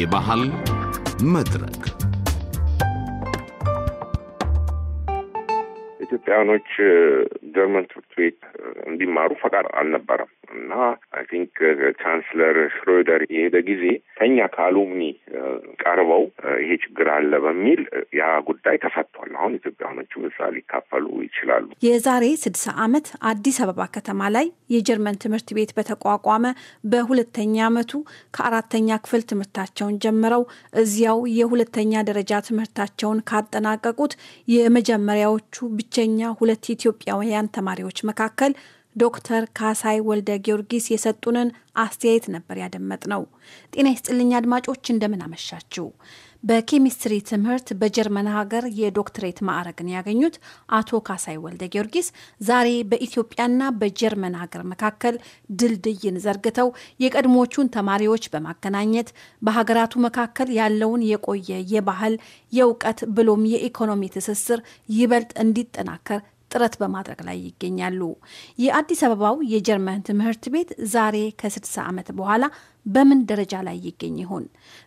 የባህል መድረክ ኢትዮጵያውያኖች ጀርመን ትምህርት ቤት እንዲማሩ ፈቃድ አልነበረም እና አይ ቲንክ ቻንስለር ሽሮደር የሄደ ጊዜ ከኛ ከአሉምኒ ቀርበው ይሄ ችግር አለ በሚል ያ ጉዳይ ተፈቷል። አሁን ኢትዮጵያውያኖቹም እዛ ሊካፈሉ ይችላሉ። የዛሬ ስድሳ ዓመት አዲስ አበባ ከተማ ላይ የጀርመን ትምህርት ቤት በተቋቋመ በሁለተኛ ዓመቱ ከአራተኛ ክፍል ትምህርታቸውን ጀምረው እዚያው የሁለተኛ ደረጃ ትምህርታቸውን ካጠናቀቁት የመጀመሪያዎቹ ብቸኛ በአማርኛ ሁለት ኢትዮጵያውያን ተማሪዎች መካከል ዶክተር ካሳይ ወልደ ጊዮርጊስ የሰጡንን አስተያየት ነበር ያደመጥ ነው። ጤና ይስጥልኝ አድማጮች፣ እንደምን አመሻችሁ። በኬሚስትሪ ትምህርት በጀርመን ሀገር የዶክትሬት ማዕረግን ያገኙት አቶ ካሳይ ወልደ ጊዮርጊስ ዛሬ በኢትዮጵያና በጀርመን ሀገር መካከል ድልድይን ዘርግተው የቀድሞቹን ተማሪዎች በማገናኘት በሀገራቱ መካከል ያለውን የቆየ የባህል፣ የእውቀት ብሎም የኢኮኖሚ ትስስር ይበልጥ እንዲጠናከር ጥረት በማድረግ ላይ ይገኛሉ። የአዲስ አበባው የጀርመን ትምህርት ቤት ዛሬ ከ60 ዓመት በኋላ በምን ደረጃ ላይ ይገኝ ይሆን?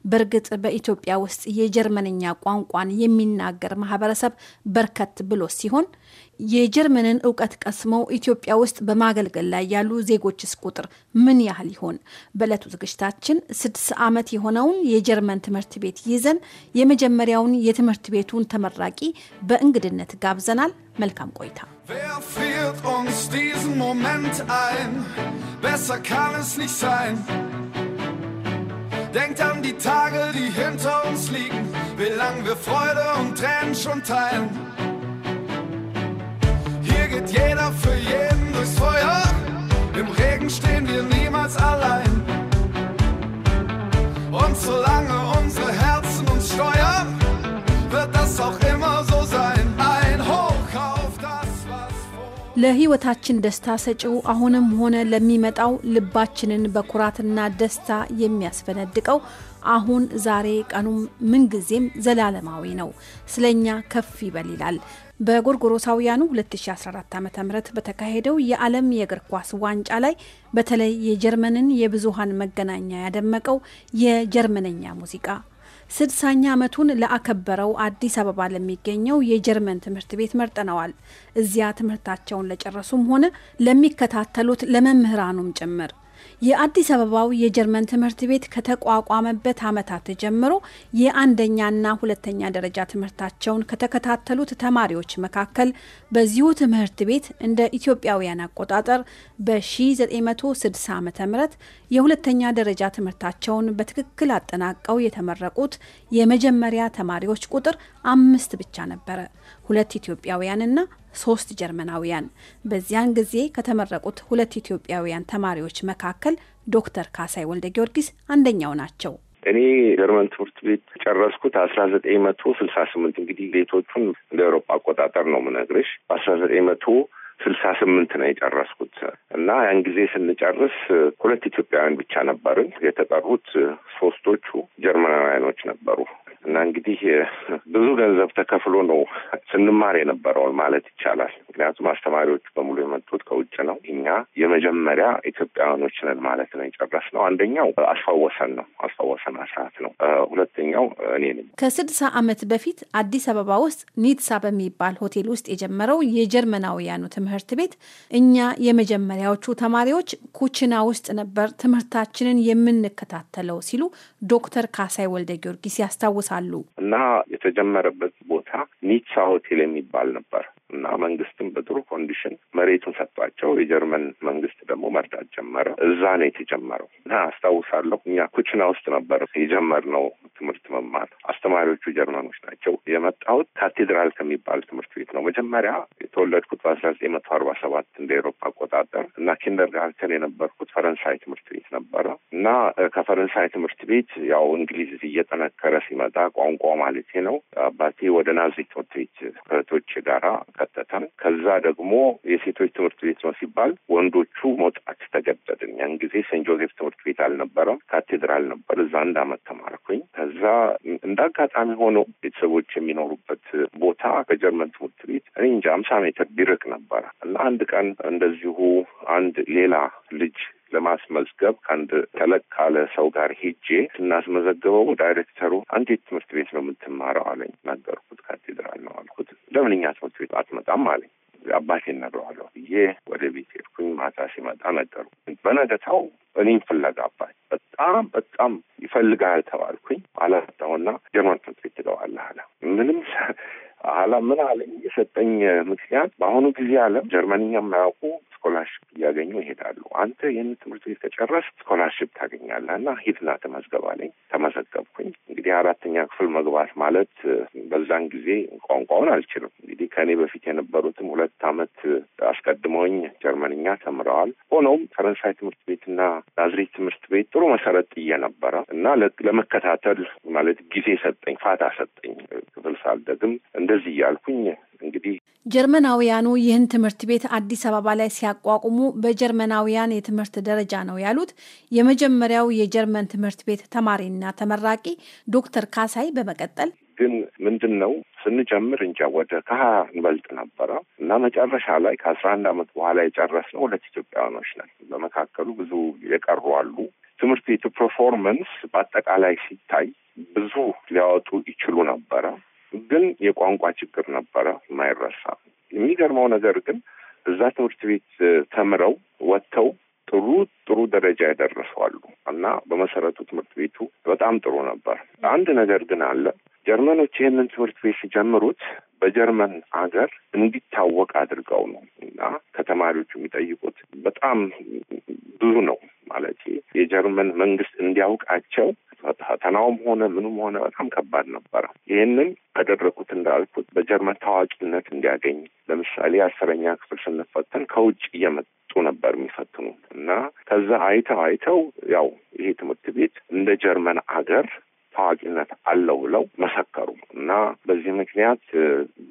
በእርግጥ በኢትዮጵያ ውስጥ የጀርመንኛ ቋንቋን የሚናገር ማህበረሰብ በርከት ብሎ ሲሆን የጀርመንን እውቀት ቀስመው ኢትዮጵያ ውስጥ በማገልገል ላይ ያሉ ዜጎችስ ቁጥር ምን ያህል ይሆን? በዕለቱ ዝግጅታችን ስድስት ዓመት የሆነውን የጀርመን ትምህርት ቤት ይዘን የመጀመሪያውን የትምህርት ቤቱን ተመራቂ በእንግድነት ጋብዘናል። መልካም ቆይታ። Denkt an die Tage, die hinter uns liegen, wie lang wir Freude und Tränen schon teilen. Feuer für jeden durchs Feuer. Im Regen stehen wir niemals allein. Und solange unsere Herzen uns steuern, wird das auch immer so sein. Ein Hoch auf das, was ለሕይወታችን ደስታ ሰጪው አሁንም ሆነ ለሚመጣው ልባችንን በኩራትና ደስታ የሚያስፈነድቀው አሁን ዛሬ ቀኑም ምንጊዜም ዘላለማዊ ነው። ስለኛ ከፍ ይበል ይላል። በጎርጎሮሳውያኑ 2014 ዓ ም በተካሄደው የዓለም የእግር ኳስ ዋንጫ ላይ በተለይ የጀርመንን የብዙሃን መገናኛ ያደመቀው የጀርመነኛ ሙዚቃ ስድሳኛ ዓመቱን ለአከበረው አዲስ አበባ ለሚገኘው የጀርመን ትምህርት ቤት መርጠነዋል። እዚያ ትምህርታቸውን ለጨረሱም ሆነ ለሚከታተሉት ለመምህራኑም ጭምር የአዲስ አበባው የጀርመን ትምህርት ቤት ከተቋቋመበት ዓመታት ጀምሮ የአንደኛና ሁለተኛ ደረጃ ትምህርታቸውን ከተከታተሉት ተማሪዎች መካከል በዚሁ ትምህርት ቤት እንደ ኢትዮጵያውያን አቆጣጠር በ1960 ዓ ም የሁለተኛ ደረጃ ትምህርታቸውን በትክክል አጠናቀው የተመረቁት የመጀመሪያ ተማሪዎች ቁጥር አምስት ብቻ ነበረ። ሁለት ኢትዮጵያውያንና ሶስት ጀርመናውያን በዚያን ጊዜ ከተመረቁት ሁለት ኢትዮጵያውያን ተማሪዎች መካከል ዶክተር ካሳይ ወልደ ጊዮርጊስ አንደኛው ናቸው። እኔ ጀርመን ትምህርት ቤት ጨረስኩት አስራ ዘጠኝ መቶ ስልሳ ስምንት እንግዲህ ቤቶቹን እንደ አውሮፓ አቆጣጠር ነው ምነግርሽ በአስራ ዘጠኝ መቶ ስልሳ ስምንት ነው የጨረስኩት እና ያን ጊዜ ስንጨርስ ሁለት ኢትዮጵያውያን ብቻ ነበርን። የተጠሩት ሶስቶቹ ጀርመናውያኖች ነበሩ። እና እንግዲህ ብዙ ገንዘብ ተከፍሎ ነው ስንማር የነበረውን ማለት ይቻላል። ምክንያቱም አስተማሪዎቹ በሙሉ የመጡት ከውጭ ነው። እኛ የመጀመሪያ ኢትዮጵያውያኖች ነን ማለት ነው ነው። አንደኛው አስፋወሰን ነው፣ አስፋወሰን አስራት ነው። ሁለተኛው እኔ ነኝ። ከስድሳ ዓመት በፊት አዲስ አበባ ውስጥ ኒትሳ በሚባል ሆቴል ውስጥ የጀመረው የጀርመናውያኑ ትምህርት ትምህርት ቤት እኛ የመጀመሪያዎቹ ተማሪዎች ኩችና ውስጥ ነበር ትምህርታችንን የምንከታተለው ሲሉ ዶክተር ካሳይ ወልደ ጊዮርጊስ ያስታውሳሉ። እና የተጀመረበት ቦታ ኒትሳ ሆቴል የሚባል ነበር እና መንግስትም በጥሩ ኮንዲሽን መሬቱን ሰጥቷቸው የጀርመን መንግስት ደግሞ መርዳት ጀመረ። እዛ ነው የተጀመረው እና አስታውሳለሁ እኛ ኩችና ውስጥ ነበር የጀመርነው ትምህርት መማር አስተማሪዎቹ ጀርመኖች ናቸው። የመጣሁት ካቴድራል ከሚባል ትምህርት ቤት ነው። መጀመሪያ የተወለድኩት በአስራ ዘጠኝ መቶ አርባ ሰባት እንደ ኤሮፓ አቆጣጠር እና ጋርተን የነበርኩት ፈረንሳይ ትምህርት ቤት ነበረ እና ከፈረንሳይ ትምህርት ቤት ያው እንግሊዝ እየጠነከረ ሲመጣ ቋንቋ ማለት ነው አባቴ ወደ ናዚ ትምህርት ቤት ከእህቶች ጋራ ከተተን። ከዛ ደግሞ የሴቶች ትምህርት ቤት ነው ሲባል ወንዶቹ መውጣት ተገደድን። ያን ጊዜ ሴንት ጆዜፍ ትምህርት ቤት አልነበረም፣ ካቴድራል ነበር። እዛ አንድ አመት ተማርኩኝ። ከዛ እንደ አጋጣሚ ሆኖ ቤተሰቦች የሚኖሩበት ቦታ ከጀርመን ትምህርት ቤት እኔ እንጂ አምሳ ሜትር ቢርቅ ነበረ እና አንድ ቀን እንደዚሁ አንድ ሌላ ልጅ ለማስመዝገብ ከአንድ ተለቅ ካለ ሰው ጋር ሄጄ ስናስመዘግበው ዳይሬክተሩ እንዴት ትምህርት ቤት ነው የምትማረው አለኝ። ነገርኩት። ካቴድራል ነው አልኩት። ለምንኛ ትምህርት ቤት አትመጣም አለኝ። አባቴ እነግረዋለሁ ብዬ ወደ ቤት ሄድኩኝ። ማታ ሲመጣ ነገሩ በነገታው እኔም ፍለጋ አባት በጣም በጣም ይፈልጋል ተባልኩኝ። አላጣውና ጀርመን ፍርድ ቤት ትገባለህ አለ። ምንም አላ ምን አለኝ የሰጠኝ ምክንያት በአሁኑ ጊዜ ዓለም ጀርመንኛ የማያውቁ ስኮላርሽፕ እያገኙ ይሄዳሉ። አንተ ይህን ትምህርት ቤት ከጨረስ ስኮላርሽፕ ታገኛለህ እና ሂድና ተመዝገብ ተመዘገብኩኝ። እንግዲህ አራተኛ ክፍል መግባት ማለት በዛን ጊዜ ቋንቋውን አልችልም። እንግዲህ ከእኔ በፊት የነበሩትም ሁለት ዓመት አስቀድመውኝ ጀርመንኛ ተምረዋል። ሆኖም ፈረንሳይ ትምህርት ቤትና ናዝሬት ትምህርት ቤት ጥሩ መሰረት ጥዬ ነበረ እና ለመከታተል ማለት ጊዜ ሰጠኝ፣ ፋታ ሰጠኝ። ክፍል ሳልደግም እንደዚህ እያልኩኝ እንግዲህ ጀርመናውያኑ ይህን ትምህርት ቤት አዲስ አበባ ላይ ሲያቋቁሙ በጀርመናውያን የትምህርት ደረጃ ነው ያሉት የመጀመሪያው የጀርመን ትምህርት ቤት ተማሪና ተመራቂ ዶክተር ካሳይ በመቀጠል ግን ምንድን ነው ስንጀምር እንጃ ወደ ከሀያ እንበልጥ ነበረ እና መጨረሻ ላይ ከአስራ አንድ አመት በኋላ የጨረስነው ሁለት ኢትዮጵያውያኖች ነን። በመካከሉ ብዙ የቀሩ አሉ። ትምህርት ቤቱ ፐርፎርመንስ በአጠቃላይ ሲታይ ብዙ ሊያወጡ ይችሉ ነበረ። ግን የቋንቋ ችግር ነበረ የማይረሳ። የሚገርመው ነገር ግን እዛ ትምህርት ቤት ተምረው ወጥተው ጥሩ ጥሩ ደረጃ ያደረሰዋሉ እና በመሰረቱ ትምህርት ቤቱ በጣም ጥሩ ነበር። አንድ ነገር ግን አለ። ጀርመኖች ይህንን ትምህርት ቤት ሲጀምሩት በጀርመን አገር እንዲታወቅ አድርገው ነው እና ከተማሪዎቹ የሚጠይቁት በጣም ብዙ ነው። ማለት የጀርመን መንግስት እንዲያውቃቸው ፈተናውም ሆነ ምኑም ሆነ በጣም ከባድ ነበረ። ይህንን ያደረኩት እንዳልኩት በጀርመን ታዋቂነት እንዲያገኝ ለምሳሌ አስረኛ ክፍል ስንፈተን ከውጭ እየመጡ ነበር የሚፈትኑት እና ከዛ አይተው አይተው ያው ይሄ ትምህርት ቤት እንደ ጀርመን አገር ታዋቂነት አለው ብለው መሰከሩ እና በዚህ ምክንያት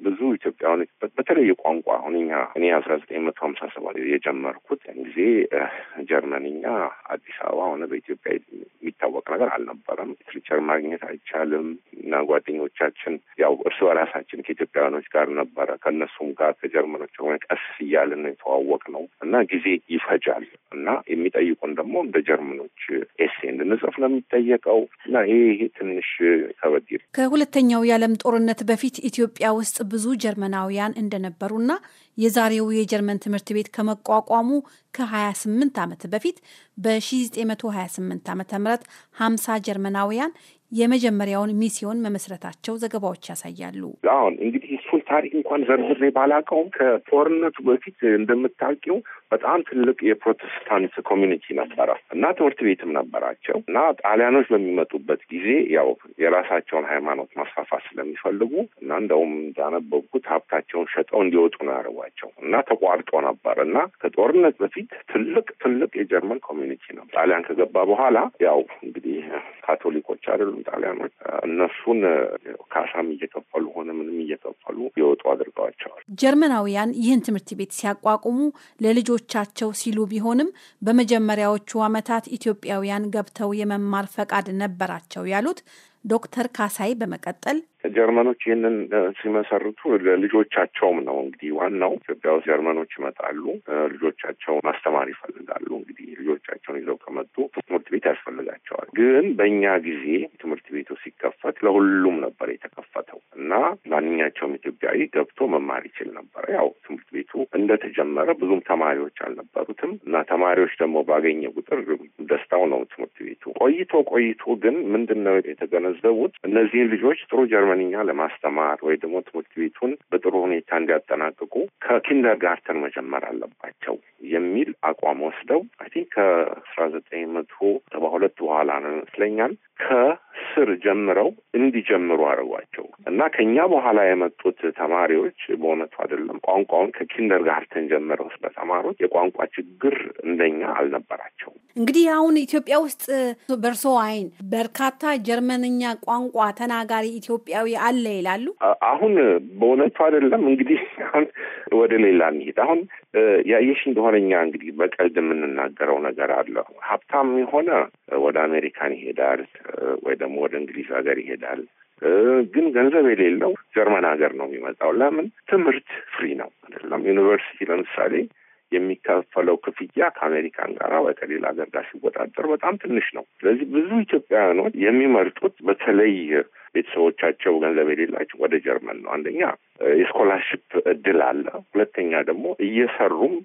ብዙ ኢትዮጵያውያን በተለየ ቋንቋ አሁን እኛ እኔ አስራ ዘጠኝ መቶ ሀምሳ ሰባት የጀመርኩት ጊዜ ጀርመንኛ አዲስ አበባ ሆነ በኢትዮጵያ የሚታወቅ ነገር አልነበረም። ሊትሬቸር ማግኘት አይቻልም። እና ጓደኞቻችን ያው እርስ በራሳችን ከኢትዮጵያውያኖች ጋር ነበረ ከእነሱም ጋር ከጀርመኖች ሆነ ቀስ እያልን የተዋወቅ ነው እና ጊዜ ይፈጃል እና የሚጠይቁን ደግሞ እንደ ጀርመኖች ኤሴ እንድንጽፍ ነው የሚጠየቀው እና ይሄ ትንሽ ከበድ ይላል። ከሁለተኛው የዓለም ጦርነት በፊት ኢትዮጵያ ውስጥ ብዙ ጀርመናውያን እንደነበሩና የዛሬው የጀርመን ትምህርት ቤት ከመቋቋሙ ከ28 ዓመት በፊት በ1928 ዓ ም 50 ጀርመናውያን የመጀመሪያውን ሚስዮን መመስረታቸው ዘገባዎች ያሳያሉ። አሁን እንግዲህ እሱን ታሪክ እንኳን ዘርዝሬ ባላቀውም ከጦርነቱ በፊት እንደምታውቂው በጣም ትልቅ የፕሮቴስታንት ኮሚኒቲ ነበረ እና ትምህርት ቤትም ነበራቸው እና ጣሊያኖች በሚመጡበት ጊዜ ያው የራሳቸውን ሃይማኖት ማስፋፋት ስለሚፈልጉ እና እንደውም እንዳነበብኩት ሀብታቸውን ሸጠው እንዲወጡ ነው ያደርጓቸው እና ተቋርጦ ነበር እና ከጦርነት በፊት ትልቅ ትልቅ የጀርመን ኮሚኒቲ ነው። ጣሊያን ከገባ በኋላ ያው እንግዲህ ካቶሊኮች አይደሉም ጣሊያኖች፣ እነሱን ካሳም እየከፈሉ ሆነ ምንም እየከፈሉ የወጡ አድርገዋቸዋል። ጀርመናውያን ይህን ትምህርት ቤት ሲያቋቁሙ ለልጆ ለልጆቻቸው ሲሉ ቢሆንም በመጀመሪያዎቹ ዓመታት ኢትዮጵያውያን ገብተው የመማር ፈቃድ ነበራቸው ያሉት ዶክተር ካሳይ በመቀጠል ጀርመኖች ይህንን ሲመሰርቱ ልጆቻቸውም ነው እንግዲህ ዋናው። ኢትዮጵያ ውስጥ ጀርመኖች ይመጣሉ፣ ልጆቻቸው ማስተማር ይፈልጋሉ። እንግዲህ ልጆቻቸውን ይዘው ከመጡ ትምህርት ቤት ያስፈልጋቸዋል። ግን በእኛ ጊዜ ትምህርት ቤቱ ሲከፈት ለሁሉም ነበር የተከፈተው እና ማንኛቸውም ኢትዮጵያዊ ገብቶ መማር ይችል ነበረ። ያው ትምህርት ቤቱ እንደተጀመረ ብዙም ተማሪዎች አልነበሩትም እና ተማሪዎች ደግሞ ባገኘ ቁጥር ደስታው ነው ትምህርት ቤቱ። ቆይቶ ቆይቶ ግን ምንድን ነው የተገነዘ ያስመዘቡት እነዚህን ልጆች ጥሩ ጀርመንኛ ለማስተማር ወይ ደግሞ ትምህርት ቤቱን በጥሩ ሁኔታ እንዲያጠናቅቁ ከኪንደር ጋርተን መጀመር አለባቸው የሚል አቋም ወስደው አይ ቲንክ ከአስራ ዘጠኝ መቶ ሰባ ሁለት በኋላ ነው ይመስለኛል ከስር ጀምረው እንዲጀምሩ አድርጓቸው እና ከኛ በኋላ የመጡት ተማሪዎች በእውነቱ አይደለም ቋንቋውን ከኪንደር ጋርተን ጀምረው ስለተማሩት የቋንቋ ችግር እንደኛ አልነበራቸው እንግዲህ አሁን ኢትዮጵያ ውስጥ በእርሶ አይን በርካታ ጀርመንኛ ቋንቋ ተናጋሪ ኢትዮጵያዊ አለ ይላሉ? አሁን በእውነቱ አይደለም። እንግዲህ ወደ ሌላ እንሂድ። አሁን ያየሽ እንደሆነኛ እንግዲህ በቀልድ የምንናገረው ነገር አለ። ሀብታም የሆነ ወደ አሜሪካን ይሄዳል ወይ ደግሞ ወደ እንግሊዝ ሀገር ይሄዳል። ግን ገንዘብ የሌለው ጀርመን ሀገር ነው የሚመጣው። ለምን? ትምህርት ፍሪ ነው አይደለም? ዩኒቨርሲቲ ለምሳሌ የሚከፈለው ክፍያ ከአሜሪካን ጋር ወይ ከሌላ ሀገር ጋር ሲወዳደር በጣም ትንሽ ነው። ስለዚህ ብዙ ኢትዮጵያውያኖች የሚመርጡት በተለይ ቤተሰቦቻቸው ገንዘብ የሌላቸው ወደ ጀርመን ነው። አንደኛ የስኮላርሽፕ እድል አለ። ሁለተኛ ደግሞ እየሰሩም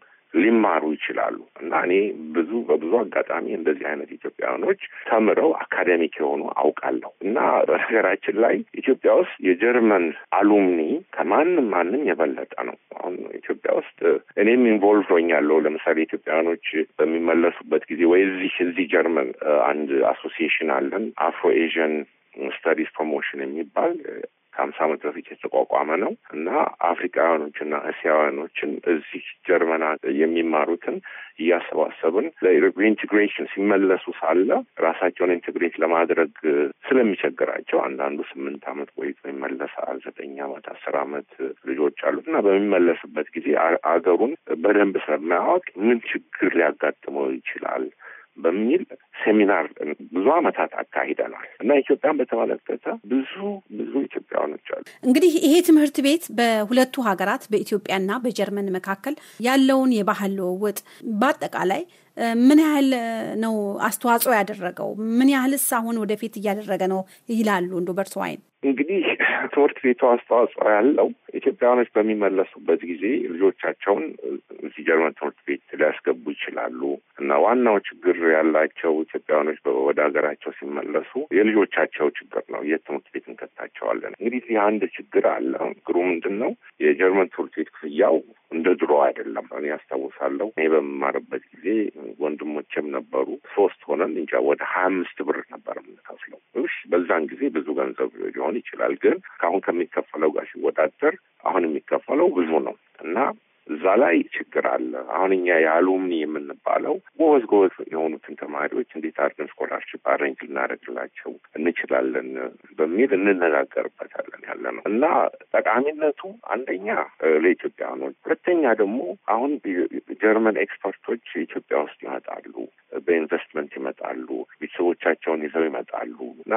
ሊማሩ ይችላሉ እና እኔ ብዙ በብዙ አጋጣሚ እንደዚህ አይነት ኢትዮጵያውያኖች ተምረው አካደሚክ የሆኑ አውቃለሁ እና በነገራችን ላይ ኢትዮጵያ ውስጥ የጀርመን አሉምኒ ከማንም ማንም የበለጠ ነው። አሁን ኢትዮጵያ ውስጥ እኔም ኢንቮልቭ ሆኛለሁ። ለምሳሌ ኢትዮጵያውያኖች በሚመለሱበት ጊዜ ወይ እዚህ እዚህ ጀርመን አንድ አሶሲዬሽን አለን አፍሮ ኤዥን ስታዲስ ፕሮሞሽን የሚባል ከሀምሳ ዓመት በፊት የተቋቋመ ነው እና አፍሪካውያኖችና እስያውያኖችን እዚህ ጀርመና የሚማሩትን እያሰባሰብን ለኢንቴግሬሽን ሲመለሱ ሳለ ራሳቸውን ኢንቴግሬት ለማድረግ ስለሚቸግራቸው አንዳንዱ ስምንት ዓመት ቆይቶ ይመለሳል። ዘጠኝ ዓመት አስር አመት ልጆች አሉት እና በሚመለስበት ጊዜ አገሩን በደንብ ስለማያወቅ ምን ችግር ሊያጋጥመው ይችላል በሚል ሴሚናር ብዙ ዓመታት አካሂደናል እና ኢትዮጵያን በተመለከተ ብዙ ብዙ ኢትዮጵያውያኖች አሉ። እንግዲህ ይሄ ትምህርት ቤት በሁለቱ ሀገራት በኢትዮጵያና በጀርመን መካከል ያለውን የባህል ልውውጥ በአጠቃላይ ምን ያህል ነው አስተዋጽኦ ያደረገው? ምን ያህልስ አሁን ወደፊት እያደረገ ነው ይላሉ? እንዶ በእርሶ አይን እንግዲህ ትምህርት ቤቱ አስተዋጽኦ ያለው ኢትዮጵያውያኖች በሚመለሱበት ጊዜ ልጆቻቸውን እዚህ ጀርመን ትምህርት ቤት ሊያስገቡ ይችላሉ እና ዋናው ችግር ያላቸው ኢትዮጵያውያኖች ወደ ሀገራቸው ሲመለሱ የልጆቻቸው ችግር ነው። የት ትምህርት ቤት እንከታቸዋለን? እንግዲህ ይህ አንድ ችግር አለ። ችግሩ ምንድን ነው? የጀርመን ትምህርት ቤት ክፍያው እንደ ድሮ አይደለም። እኔ ያስታውሳለሁ እኔ በምማርበት ጊዜ ወንድሞቼም ነበሩ። ሶስት ሆነን እንጃ ወደ ሀያ አምስት ብር ነበር የምንከፍለው። እሺ በዛን ጊዜ ብዙ ገንዘብ ሊሆን ይችላል፣ ግን ከአሁን ከሚከፈለው ጋር ሲወዳደር አሁን የሚከፈለው ብዙ ነው እና እዛ ላይ ችግር አለ። አሁን እኛ የአሉምኒ የምንባለው ጎበዝ ጎበዝ የሆኑትን ተማሪዎች እንዴት አድርገን ስኮላርሽፕ አረንጅ ልናደርግላቸው እንችላለን በሚል እንነጋገርበታለን ያለ ነው እና ጠቃሚነቱ አንደኛ ለኢትዮጵያኖች፣ ሁለተኛ ደግሞ አሁን ጀርመን ኤክስፐርቶች ኢትዮጵያ ውስጥ ይመጣሉ። በኢንቨስትመንት ይመጣሉ፣ ቤተሰቦቻቸውን ይዘው ይመጣሉ እና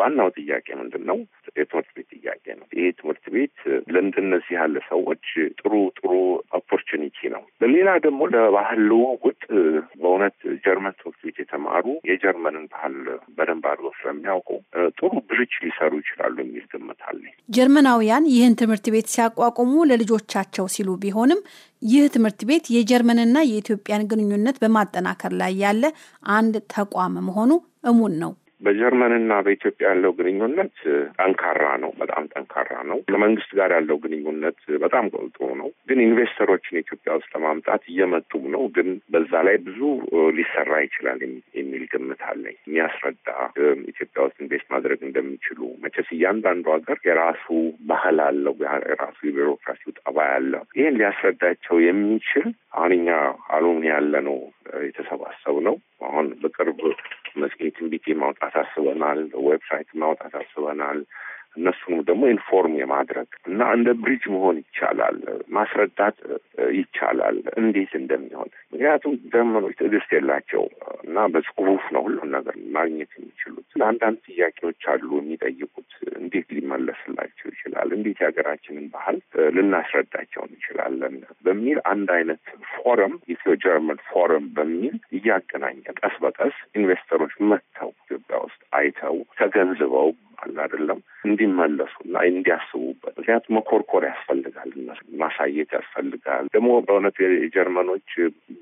ዋናው ጥያቄ ምንድን ነው? የትምህርት ቤት ጥያቄ ነው። ይህ ትምህርት ቤት ለእንደነዚህ ያለ ሰዎች ጥሩ ጥሩ ኦፖርቹኒቲ ነው። ሌላ ደግሞ ለባህል ልውውጥ በእውነት ጀርመን ትምህርት ቤት የተማሩ የጀርመንን ባህል በደንብ አድርገው ስለሚያውቁ ጥሩ ብርች ሊሰሩ ይችላሉ የሚል ግምት አለኝ። ጀርመናውያን ይህን ትምህርት ቤት ሲያቋቁሙ ለልጆቻቸው ሲሉ ቢሆንም ይህ ትምህርት ቤት የጀርመንና የኢትዮጵያን ግንኙነት በማጠናከር ላይ ያለ አንድ ተቋም መሆኑ እሙን ነው። በጀርመንና በኢትዮጵያ ያለው ግንኙነት ጠንካራ ነው። በጣም ጠንካራ ነው። ከመንግስት ጋር ያለው ግንኙነት በጣም ጥሩ ነው። ግን ኢንቨስተሮችን ኢትዮጵያ ውስጥ ለማምጣት እየመጡም ነው። ግን በዛ ላይ ብዙ ሊሰራ ይችላል የሚል ግምት አለኝ። የሚያስረዳ ኢትዮጵያ ውስጥ ኢንቨስት ማድረግ እንደሚችሉ መቼስ እያንዳንዱ ሀገር የራሱ ባህል አለው፣ የራሱ የቢሮክራሲ ጠባይ አለው። ይህን ሊያስረዳቸው የሚችል አሁን እኛ አሉን ያለ ነው የተሰባሰብ ነው አሁን በቅርብ መጽሔትን ቢጤ ማውጣት አስበናል። ዌብሳይት ማውጣት አስበናል። እነሱንም ደግሞ ኢንፎርም የማድረግ እና እንደ ብሪጅ መሆን ይቻላል፣ ማስረዳት ይቻላል እንዴት እንደሚሆን። ምክንያቱም ዘመኖች ትዕግስት የላቸው እና በጽሁፍ ነው ሁሉም ነገር ማግኘት የሚችሉት። ለአንዳንድ ጥያቄዎች አሉ የሚጠይቁት የሀገራችንን ባህል ልናስረዳቸው እንችላለን በሚል አንድ አይነት ፎረም ኢትዮ ጀርመን ፎረም በሚል እያገናኘ ቀስ በቀስ ኢንቨስተሮች መጥተው ኢትዮጵያ ውስጥ አይተው ተገንዝበው አለ አይደለም እንዲመለሱ እንዲመለሱና እንዲያስቡበት። ምክንያቱም መኮርኮር ያስፈልጋል፣ ማሳየት ያስፈልጋል። ደግሞ በእውነት የጀርመኖች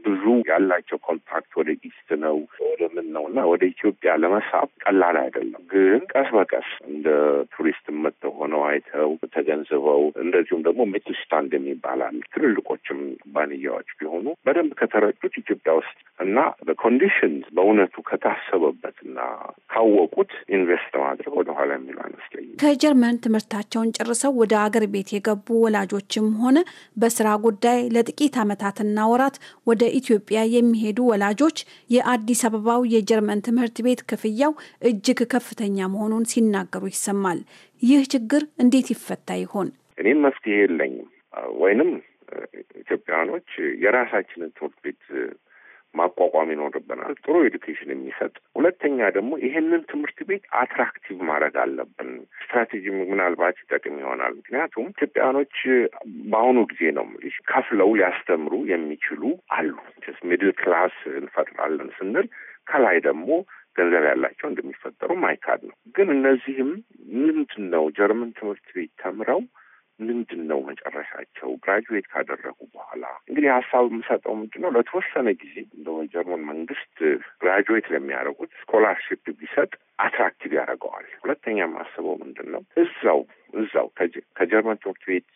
ብዙ ያላቸው ኮንታክት ወደ ኢስት ነው ወደ ምን ነው እና ወደ ኢትዮጵያ ለመሳብ ቀላል አይደለም። ግን ቀስ በቀስ እንደ ቱሪስት መጥተው ሆነው አይተው ተገንዝበው፣ እንደዚሁም ደግሞ ሜትልስታንድ የሚባላል ትልልቆችም ኩባንያዎች ቢሆኑ በደንብ ከተረዱት ኢትዮጵያ ውስጥ እና በኮንዲሽን በእውነቱ ከታሰበበት ከታሰበበትና ካወቁት ኢንቨስት ማድረግ ወደ በኋላ የሚለው አይመስለኝም። ከጀርመን ትምህርታቸውን ጨርሰው ወደ አገር ቤት የገቡ ወላጆችም ሆነ በስራ ጉዳይ ለጥቂት ዓመታትና ወራት ወደ ኢትዮጵያ የሚሄዱ ወላጆች የአዲስ አበባው የጀርመን ትምህርት ቤት ክፍያው እጅግ ከፍተኛ መሆኑን ሲናገሩ ይሰማል። ይህ ችግር እንዴት ይፈታ ይሆን? እኔም መፍትሄ የለኝም ወይንም ኢትዮጵያውያኖች የራሳችንን ትምህርት ቤት ማቋቋም ይኖርብናል። ጥሩ ኤዱኬሽን የሚሰጥ ሁለተኛ ደግሞ ይሄንን ትምህርት ቤት አትራክቲቭ ማድረግ አለብን። ስትራቴጂ ምናልባት ይጠቅም ይሆናል። ምክንያቱም ኢትዮጵያኖች በአሁኑ ጊዜ ነው ከፍለው ሊያስተምሩ የሚችሉ አሉ። ሚድል ክላስ እንፈጥራለን ስንል ከላይ ደግሞ ገንዘብ ያላቸው እንደሚፈጠሩ ማይካድ ነው። ግን እነዚህም ምንድን ነው ጀርመን ትምህርት ቤት ተምረው ምንድን ነው መጨረሻቸው? ግራጁዌት ካደረጉ በኋላ እንግዲህ ሀሳብ የምሰጠው ምንድን ነው ለተወሰነ ጊዜ እንደ ጀርመን መንግስት ግራጁዌት ለሚያደርጉት ስኮላርሽፕ ቢሰጥ አትራክቲቭ ያደርገዋል። ሁለተኛ የማስበው ምንድን ነው እዛው እዛው ከጀርመን ትምህርት ቤት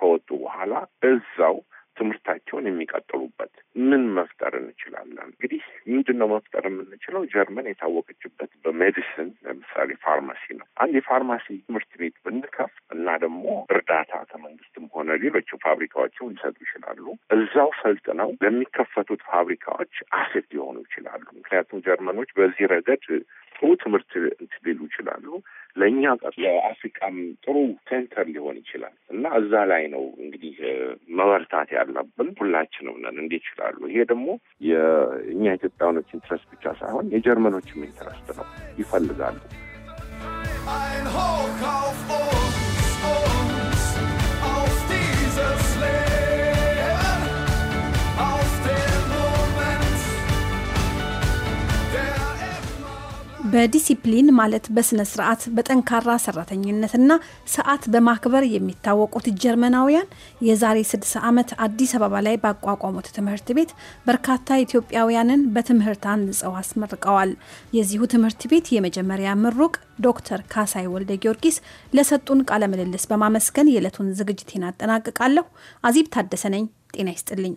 ከወጡ በኋላ እዛው ትምህርታቸውን የሚቀጥሉበት ምን መፍጠር እንችላለን? እንግዲህ ምንድን ነው መፍጠር የምንችለው? ጀርመን የታወቀችበት በሜዲሲን ለምሳሌ ፋርማሲ ነው። አንድ የፋርማሲ ትምህርት ቤት ብንከፍ እና ደግሞ እርዳታ ከመንግስትም ሆነ ሌሎች ፋብሪካዎችም ሊሰጡ ይችላሉ። እዛው ሰልጥነው ለሚከፈቱት ፋብሪካዎች አሴት ሊሆኑ ይችላሉ። ምክንያቱም ጀርመኖች በዚህ ረገድ ትምህርት ሊሉ ይችላሉ። ለእኛ ለአፍሪካም ጥሩ ሴንተር ሊሆን ይችላል እና እዛ ላይ ነው እንግዲህ መበርታት ያለብን ሁላችንም ነን። እንዴት ይችላሉ? ይሄ ደግሞ የእኛ ኢትዮጵያኖች ኢንትረስት ብቻ ሳይሆን የጀርመኖችም ኢንትረስት ነው ይፈልጋሉ። Ein Hoch auf በዲሲፕሊን ማለት በስነ ስርዓት በጠንካራ ሰራተኝነትና ሰዓት በማክበር የሚታወቁት ጀርመናውያን የዛሬ ስድስ ዓመት አዲስ አበባ ላይ ባቋቋሙት ትምህርት ቤት በርካታ ኢትዮጵያውያንን በትምህርት አንጸው አስመርቀዋል። የዚሁ ትምህርት ቤት የመጀመሪያ ምሩቅ ዶክተር ካሳይ ወልደ ጊዮርጊስ ለሰጡን ቃለ ምልልስ በማመስገን የዕለቱን ዝግጅቴን አጠናቅቃለሁ። አዚብ ታደሰ ነኝ። ጤና ይስጥልኝ።